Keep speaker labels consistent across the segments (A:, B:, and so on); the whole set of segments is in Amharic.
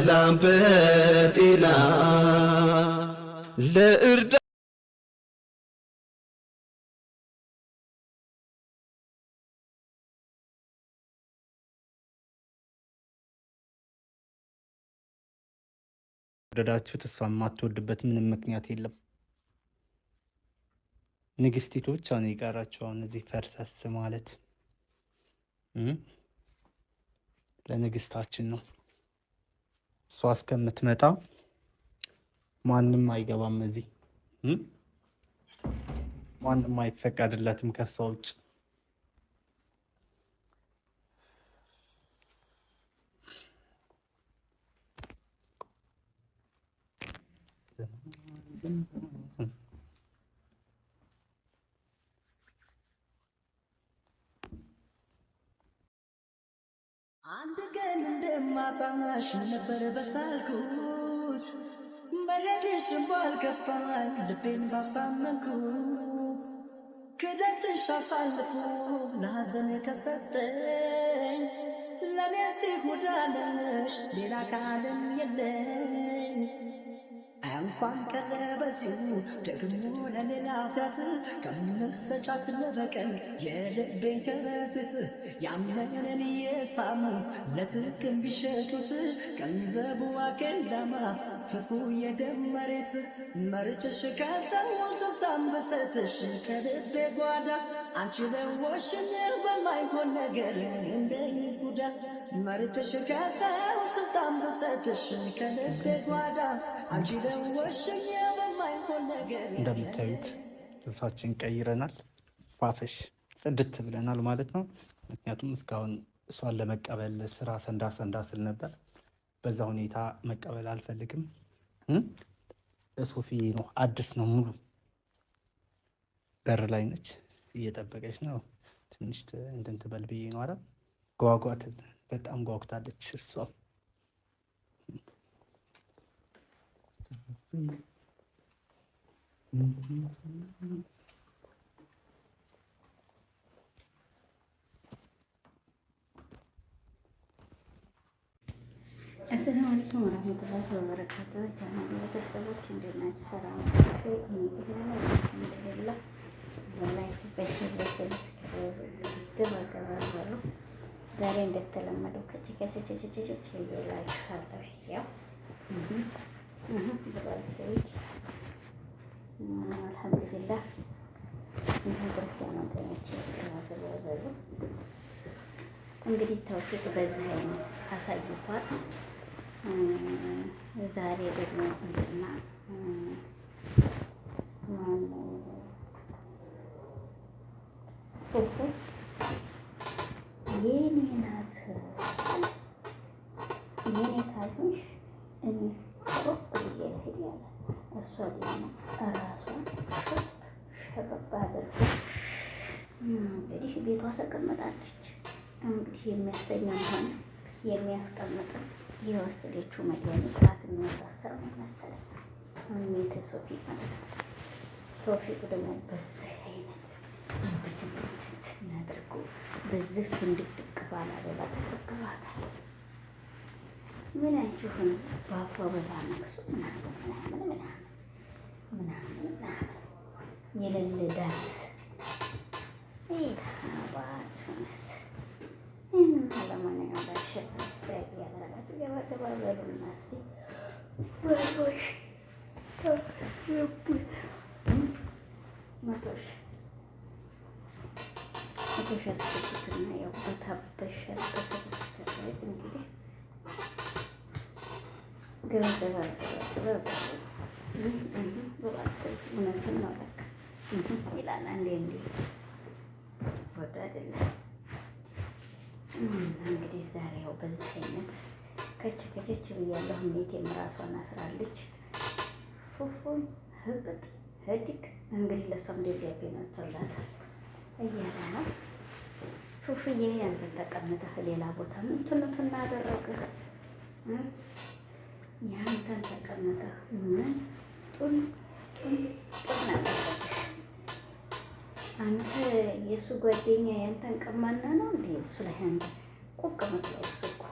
A: በሰላም በጤና ለእርዳ እሷ የማትወድበት ምንም ምክንያት የለም። ንግስቲቱ ብቻ ነው የቀራቸው። እዚህ ፈርሰስ ማለት ለንግስታችን ነው። እሷ እስከምትመጣ ማንም አይገባም እዚህ ማንም አይፈቀድለትም ከሷ ውጭ። ባባሽ ነበር በሳልኩት መሄድሽ ባልገባኝ ልቤን ባሳመንኩት ክደትሽ አሳልፎ ለሐዘን ከሰጠኝ ለኔ ሲጉዳለሽ ሌላ ከዓለም የለኝ እንኳን ቀረ በዚሁ ደግሞ ለሌላ ኃጢአት ከምመሰጫት ለበቀል የልቤን ከረጢት ያመነን እየሳሙ ለጥቅም ቢሸጡት ገንዘቡ አቄላማ ትፉ የደም መሬት መርጭሽ ከሰው ስልጣን ስታንበሰትሽ ከልቤ ጓዳ አንቺ ለወሽኝ በማይሆን ነገር እንደሚጉዳ መርጭሽ ከሰው ስልጣን ስታንበሰትሽ ከልቤ ጓዳ አንቺ ለወሽኝ በማይሆን ነገር እንደምታዩት ልብሳችን ቀይረናል። ፏፈሽ ጽድት ብለናል ማለት ነው። ምክንያቱም እስካሁን እሷን ለመቀበል ስራ ሰንዳ ሰንዳ ስል ነበር። በዛ ሁኔታ መቀበል አልፈልግም። ሶፊዬ ነው። አዲስ ነው ሙሉ በር ላይ ነች፣ እየጠበቀች ነው። ትንሽ እንትን ትበል ብዬ ነው። ኧረ ጓጓት፣ በጣም ጓጉታለች እሷ።
B: አሰላሙ አለይኩም ወራህመቱላሂ ወበረካቱ። ቻናል ቤተሰቦች እንዴት ናችሁ? ሰላም ናችሁ? አልሐምዱሊላህ በላይክ በሽር በሰብስክራይብ ግባ ገባ በሉ። ዛሬ እንደተለመደው ያው አልሐምዱሊላህ እንዲሁም ክርስቲያን ወገኖች ግባ በሉ። እንግዲህ ተውፊቅ በዚህ አይነት አሳይቷል። ዛሬ ደግሞ እንትና የኔ ናት የኔ ካልሆንሽ እኔ ብዬ ልሄድ ያለ እሷ ደግሞ ራሷን ሸበብ አድርጋ እንግዲህ ቤቷ ተቀምጣለች። እንግዲህ የሚያስተኛ ሆነ የሚያስቀምጥ የወሰደችው መድኃኒት ራስ የሚያሳስር ነው መሰለኝ። እኔ ተሶፊቅ ማለት ነው። ደግሞ በዚህ አይነት ብትንትንትንት አድርጎ በዚህ ፍንድቅድቅ ባላ ሌላ ተጠቅባታል። ምናችሁን በአፏ አበባ ነቅሱ ምናምን ምናምን ምናምን ምናምን የሌለ ዳንስ ይታ ባቱንስ እና ለማንኛውም ላይክ፣ ሰብስክራይብ እያደረጋችሁ እየባገባ በሉና እስኪ መቶሽ መቶሽ መቶሽ ያስገቡትና ያው በታበሸ በሰብስክራይብ እንግዲህ ግባ ግባ ግባ እውነቱን ነው ለካ ይላል። አንዴ እንዴ ወደ አይደለም እንግዲህ ዛሬ ያው በዚህ አይነት ከች ከቸች ብያለሁ። እንዴት የምራሷን አስራለች ፉፉን ህብጥ ህድግ እንግዲህ ለእሷም ደብዳቤ መጥተውላታል እያለ ነው። ፉፉዬ ያንተን ተቀምጠህ ሌላ ቦታ ምንቱን እንትን አደረግህ? ያንተን ተቀምጠህ ምን ጡን ጡን ጡን አደረግህ? አንተ የእሱ ጓደኛ ያንተን ቀማና ነው እንደ እሱ ላይ አንተ ቁቅ ምትለው እሱ እኮ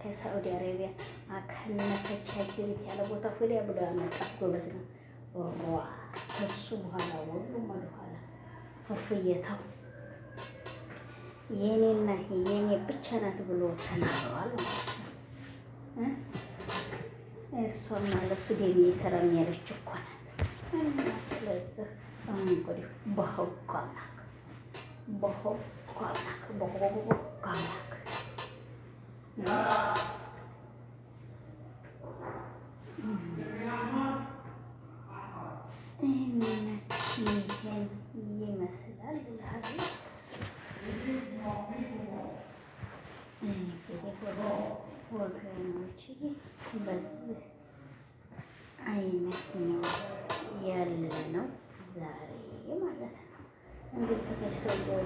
B: ከሳዑዲ አረቢያ አካነተች ሀገሪት ያለ ቦታ ሁላ ብሎ ያመጣት ጎበዝ ነው። ወሯ ከሱ በኋላ ሁሉም ወደኋላ ፉፉየታው የኔና የኔ ብቻ ናት ብሎ ተናግረዋል። እሷና ለሱ ደሜ ሰረሚያለች የሚያለች እኮ ናት እና ስለዚህ እንግዲህ በህጉ አምላክ በህጉ አምላክ በህጉ አምላክ ይመስላል ዛሬ ወገኖች በዚህ አይነት ነው። ቤተሰብ ሰው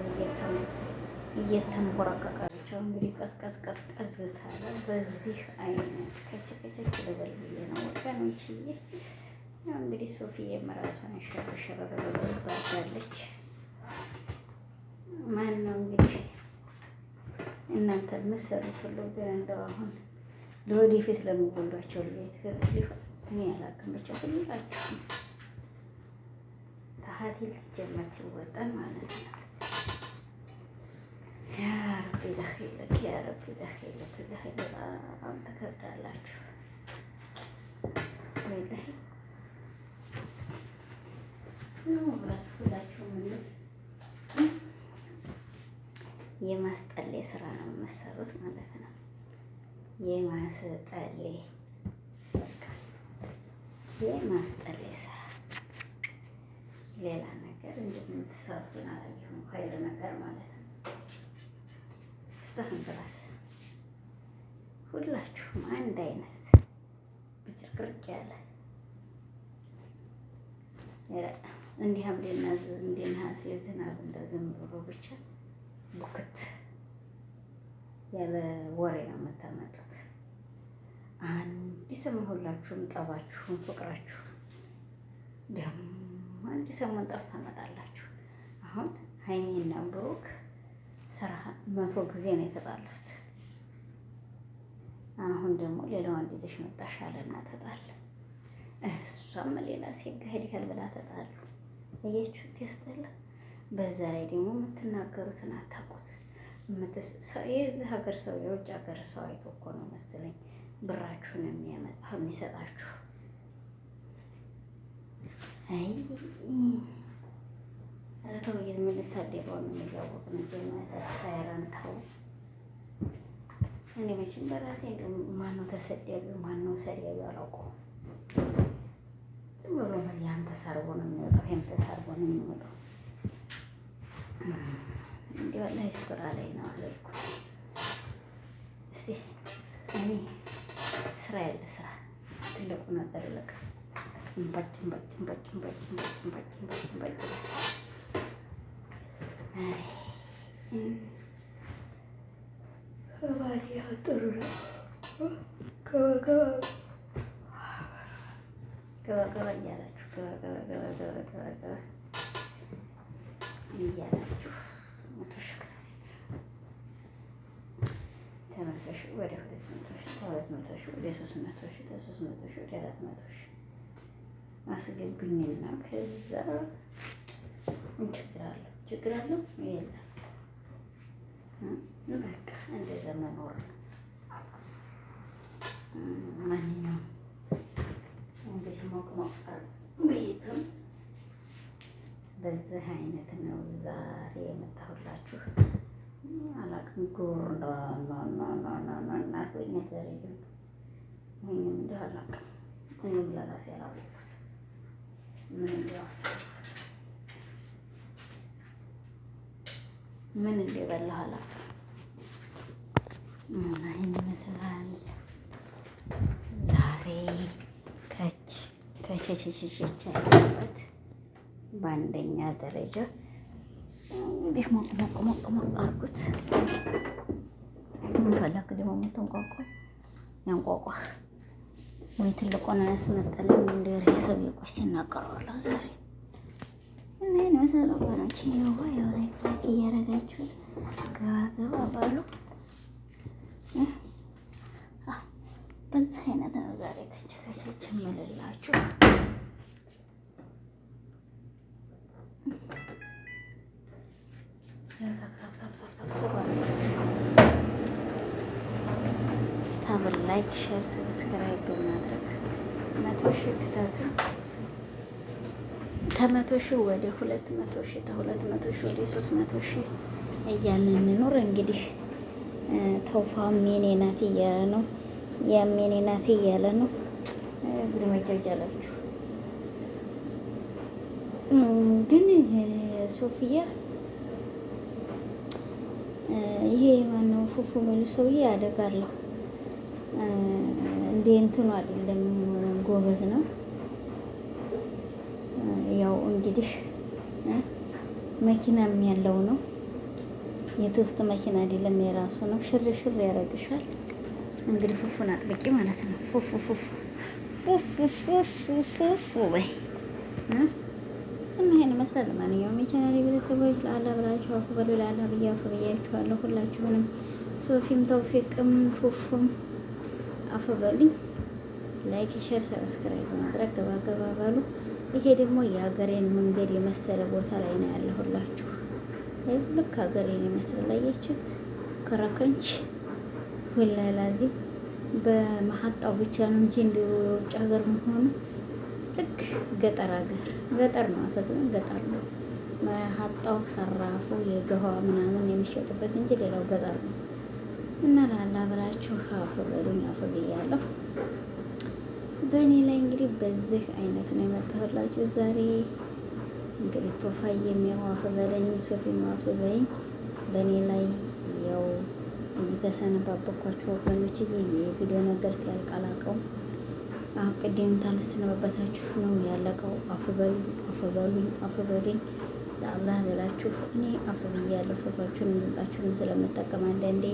B: እየተንቆራቀቃቸው እንግዲህ ቀዝቀዝ ቀዝቀዝ ታለ። በዚህ አይነት ከቸከቸች ልበል ብዬ ነው ወገኖች። ይህ እንግዲህ ሶፊዬም ራሷን ሸበሸበበበ ባርዳለች። ማን ነው እንግዲህ እናንተ የምትሰሩት ሁሉ ግን እንደው አሁን ለወደፊት ለሚወልዷቸው ልቤት እኔ አላውቅም ብቻ ሁላችሁም ሀቲል ሲጀመር ሲወጠን ማለት ነው። ያ ረቢ ደኺለክ ያ ረቢ ደኺለክ ደኺል በጣም ተከብዳላችሁ። ወላሂ ነው ብላችሁ ሁላችሁ ምን የማስጠሌ ስራ ነው የምትሰሩት ማለት ነው። የማስጠሌ የማስጠሌ ስራ ሌላ ነገር እንደምትሰሩትን አላየሁም። ኃይል ነገር ማለት ነው። እስካሁን ድረስ ሁላችሁም አንድ አይነት ብጭርቅርቅ ያለ እንዲህም ሌናዝ እንዲናዝ የዝናብ እንደ ብሎ ብቻ ቡክት ያለ ወሬ ነው የምታመጡት። አንድ ሰሞን ሁላችሁም ጠባችሁን፣ ፍቅራችሁ። ደግሞ አንድ ሰሞን ጠፍታ መጣላችሁ። አሁን ሀይሚና ብሩክ ስራ መቶ ጊዜ ነው የተጣሉት። አሁን ደግሞ ሌላዋን ጊዜሽ መጣሽ አለና ተጣል። እሷም ሌላ ሴት ጋ ሄደሻል ብላ ተጣሉ። እያችሁት ያስጠላ። በዛ ላይ ደግሞ የምትናገሩትን አታውቁት። የዚህ ሀገር ሰው የውጭ ሀገር ሰው አይቶ እኮ ነው መሰለኝ ብራችሁን የሚሰጣችሁ አይ ኧረ ተው እየተመለሳለሁ በሆነ የሚያወቅ ነገር እኔ መቼም በራሴ ማነው ተሰዳቢው ማነው ሰዳቢው አላውቀውም። ዝም ብሎ ያም ተሳርቦ ነው የሚወጣው፣ ይም ተሳርቦ ነው የሚወጣው። እንዲህ ወላሂ ስራ ላይ ነው አለኩ። እስቲ እኔ ስራ ያለ ስራ ትልቁ ነገር ይበቃል። ገባገባ
C: እያላችሁ
B: ገባገባ እያላችሁ ተመልሰሽ ወደ ሁለት መቶ ሺህ ወደ ሦስት መቶ ሺህ ከሦስት መቶ ሺህ ወደ አራት መቶ ሺህ አስገብኝና ከዛ ችግር አለው ችግር አለው የለም። በቃ እንደዛ መኖር ማንኛውም እንግዲህ ሞቅ ሞቅ ቤቱን በዚህ አይነት ነው ዛሬ የመጣሁላችሁ። አላቅም ጉር ዛሬ ግን ይህንም እንዲህ አላቅም እኔም ለራሴ አላውቅም። ምን እንዲያወፍር ምን እንደበላህ አላውቅም። እና ይህን ይመስላል ዛሬ ከች ከቸቸቸቸች ያለበት በአንደኛ ደረጃ እንግዲህ ሞቅ ሞቅ ሞቅ ሞቅ አድርጉት። ፈለክ ደግሞ የምትንቋቋ ያንቋቋ ወይ ትልቁን ያስመጣልን እንደ ርዕሰ ቢቆይ ሲናገረዋለሁ ዛሬ ይህን መሰለ ጓናች የሆ ያው ላይ ክላክ እያረጋችሁት ገባ ገባ ባሉ በዛ አይነት ነው ዛሬ ከቸከቸች የምልላችሁ። ያው አብር ላይክ፣ ሼር፣ ሰብስክራይብ በማድረግ መቶ ሺህ ክተቱ። ከመቶ ሺህ ወደ ሁለት መቶ ሺህ ከሁለት መቶ ሺህ ወደ ሶስት መቶ ሺህ እያልን ኑር እንግዲህ ተውፋ ሜኔ ናት እያለ ነው፣ ያሜኔ ናት እያለ ነው። ግድመጃጅ አላችሁ ግን ሶፊያ ይሄ ማነው ፉፉ የሚሉ ሰውዬ አደጋለሁ እንደ እንትኑ አይደለም፣ ጎበዝ ነው። ያው እንግዲህ መኪናም ያለው ነው። የትውስጥ መኪና አይደለም፣ የራሱ ነው። ሽር ሽር ያደርግሻል። እንግዲህ ፉፉን አጥብቂ ማለት ነው። ፉፉ ፉፉ ፉፉ በይ እና ይሄን ይመስላል። ለማንኛውም የቻናል ቤተሰቦች ለአላ ብላችሁ አፉ በሉ። ለአላ ብዬ አፉ ብያችኋለሁ ሁላችሁንም ሶፊም ተውፊቅም ፉፉም አፈበልኝ ላይክ፣ ሼር፣ ሰብስክራይብ ማድረግ ገባገባ በሉ። ይሄ ደግሞ የሀገሬን መንገድ የመሰለ ቦታ ላይ ነው ያለሁላችሁ። ልክ ሀገሬን የመሰለ አያችሁት? ከረከንች ወላሂ ላዚ በመሀጣው ብቻ ነው እንጂ እንደ ውጭ ሀገር መሆኑ ልክ ገጠር ሀገር ገጠር ነው። አሳስበን ገጠር ነው መሀጣው ሰራፉ የገዋ ምናምን የሚሸጥበት እንጂ ሌላው ገጠር ነው። እና ላላ ብላችሁ አፉ በሉኝ። አፉ ብያለሁ። በእኔ ላይ እንግዲህ በዚህ አይነት ነው የመጣሁላችሁ ዛሬ። እንግዲህ ቶፋ የሚያዋፍ በለኝ ሶፊ ማዋፍ በለኝ። በእኔ ላይ ያው የተሰነባበኳችሁ ወገኖች የቪዲዮ ነገር ያልቃላቀው አቅዴም ታልሰነባበታችሁ ነው ያለቀው። አፉ በሉኝ፣ አፉ በሉኝ፣ አፉ በሉኝ ለአላህ ብላችሁ እኔ አፉ ብያለሁ። ፎቶችሁን ምጣችሁንም ስለምጠቀም አንዳንዴ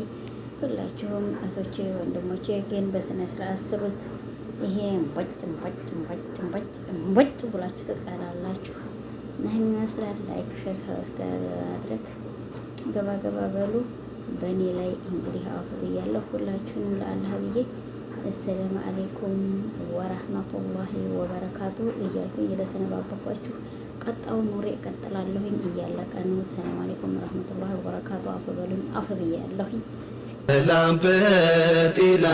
B: ሁላችሁም እህቶቼ ወንድሞቼ ግን በስነ ስርዓት ስሩት። ይሄ እንቦጭም ቦጭም ቦጭም ቦጭ እንቦጭ ብላችሁ ትቀራላችሁ። ናህን ይመስላል። ላይክ ሸር በማድረግ ገባ ገባ በሉ። በእኔ ላይ እንግዲህ አውፍ ብያለሁ። ሁላችሁንም ለአላህ ብዬ አሰላም አሌይኩም ወራህመቱላሂ ወበረካቱ እያልኩኝ እየተሰነባበኳችሁ ቀጣውን ኑሬ እቀጥላለሁኝ። እያለቀ ነው። ሰላም አሌይኩም ወራህመቱላሂ ወበረካቱ። አፈ በሉኝ። አፈ ብያለሁኝ። ሰላም በጤና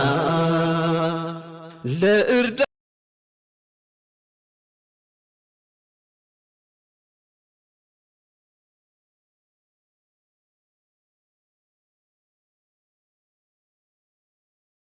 B: ለእርዳ